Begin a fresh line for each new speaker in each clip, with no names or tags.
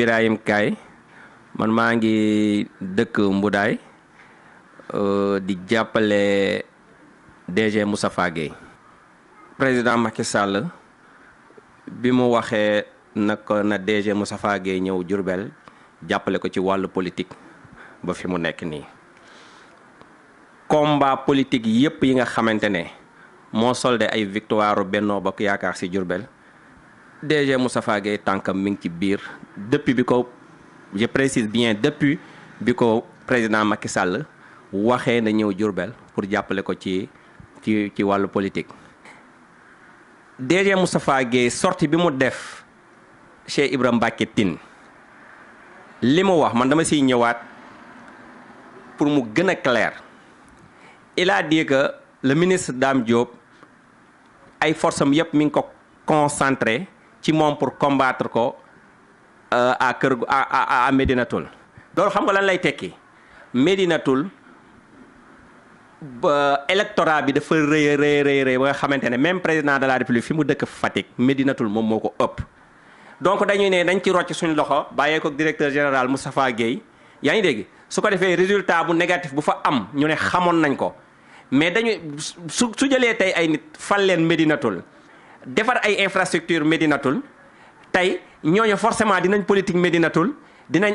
Birahim man maa ngi dëkk Mbudaay euh, di jàppale DG Moustapha Guèye président Macky Sall bi mu waxee naka na DG Moustapha Guèye ñëw Jurbel jàppale ko ci wàllu politique ba fi mu nekk nii combat politique yépp yi nga xamante ne moo soldé ay victoire Benno Bokk Yaakaar ci Jurbel DG Moustapha Gueye tànkam mi ngi ci biir depuis bi ko je précise bien depuis bi ko président Macky Sall waxee na ñëw Diourbel pour jàppale ko ci ci ci wàllu politique. DG Moustapha Gueye sorti bi mu def Cheikh Ibrahima Mbacké li ma wax man dama siy ñëwaat pour mu gën a clair il a que le ministre daam Diop ay forsam am yëpp mi ngi ko concentré. ci moom pour combattre ko euh, à kër à a Médinatoul loolu xam nga lan lay tekki Médinatoul ba électorat bi dafa rëy rëy rëy rëy ba nga xamante ne même président de la république fi mu dëkk Fatick médinatul moom moo ko ëpp. donc dañuy ne dañ ci rocc suñu loxo bàyyee ko directeur général Moustapha Guèye yaa ngi dégg su ko defee résultat bu négatif bu fa am ñu ne xamoon nañ ko mais dañuy su su jëlee tey ay nit fal leen médinatul defar ay infrastructure médinatul tey ñooñu forcément dinañ politique médinatul dinañ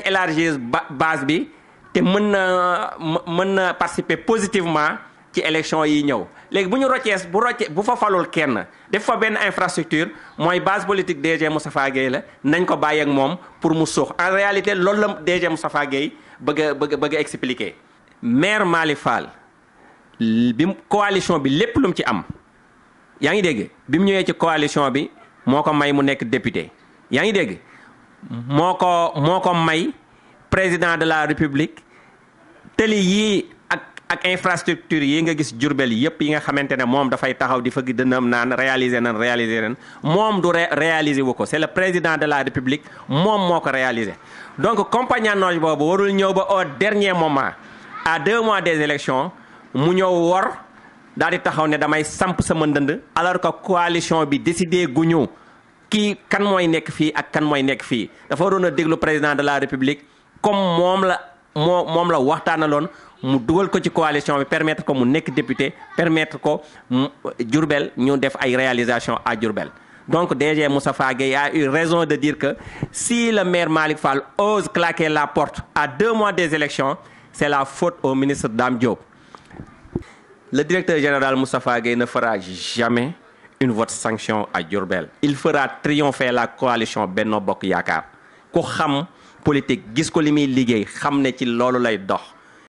ba base bi te mën na mën na participer positivement ci élection yi ñëw léegi bu ñu roccees bu rocce bu fa falul kenn def fa benn infrastructure mooy base politique DG Moustapha Gueye la nañ ko bàyyeek moom pour mu suux en réalité loolu la DG Moustapha Gueye bëgg bëgg bëgg a expliquer maire Malick Fall bi coalition bi lépp lu ci am yaa ngi dégg bi mu ñëwee ci coalition bi moo ko may mu nekk député yaa ngi dégg moo ko moo ko may président de la république tëli yii ak ak infrastructure yi nga gis jurbel yépp yi nga xamante ne moom dafay taxaw di fëgg dënam naan réaliser nan réaliser nan moom du réaliser wu ko c'est le président de la république moom moo ko réaliser donc compagnonnage boobu warul ñëw ba au dernier moment à deux mois des élections mu ñëw wor daal di taxaw ne damay samp sama ndënd alors que coalition bi décidé guñu kii kan mooy nekk fii ak kan mooy nekk fii dafa waroon a déglu président de la république comme moom la moo moom la waxtaanaloon mu dugal ko ci coalition bi permettre ko mu nekk député permettre ko Diourbel ñu def ay réalisation à Diourbel donc DG Moustapha Gueye a eu raison de dire que si le maire Malick Fall ose claquer la porte à deux mois des élections c'est la faute au ministre Dame Diop Le directeur général Moustapha Gueye ne fera jamais une vote sanction à Diourbel. Il fera triompher la coalition Benno Bokk Yaakaar ku xam politique gis ko li muy liggéey xam ne ci loolu lay dox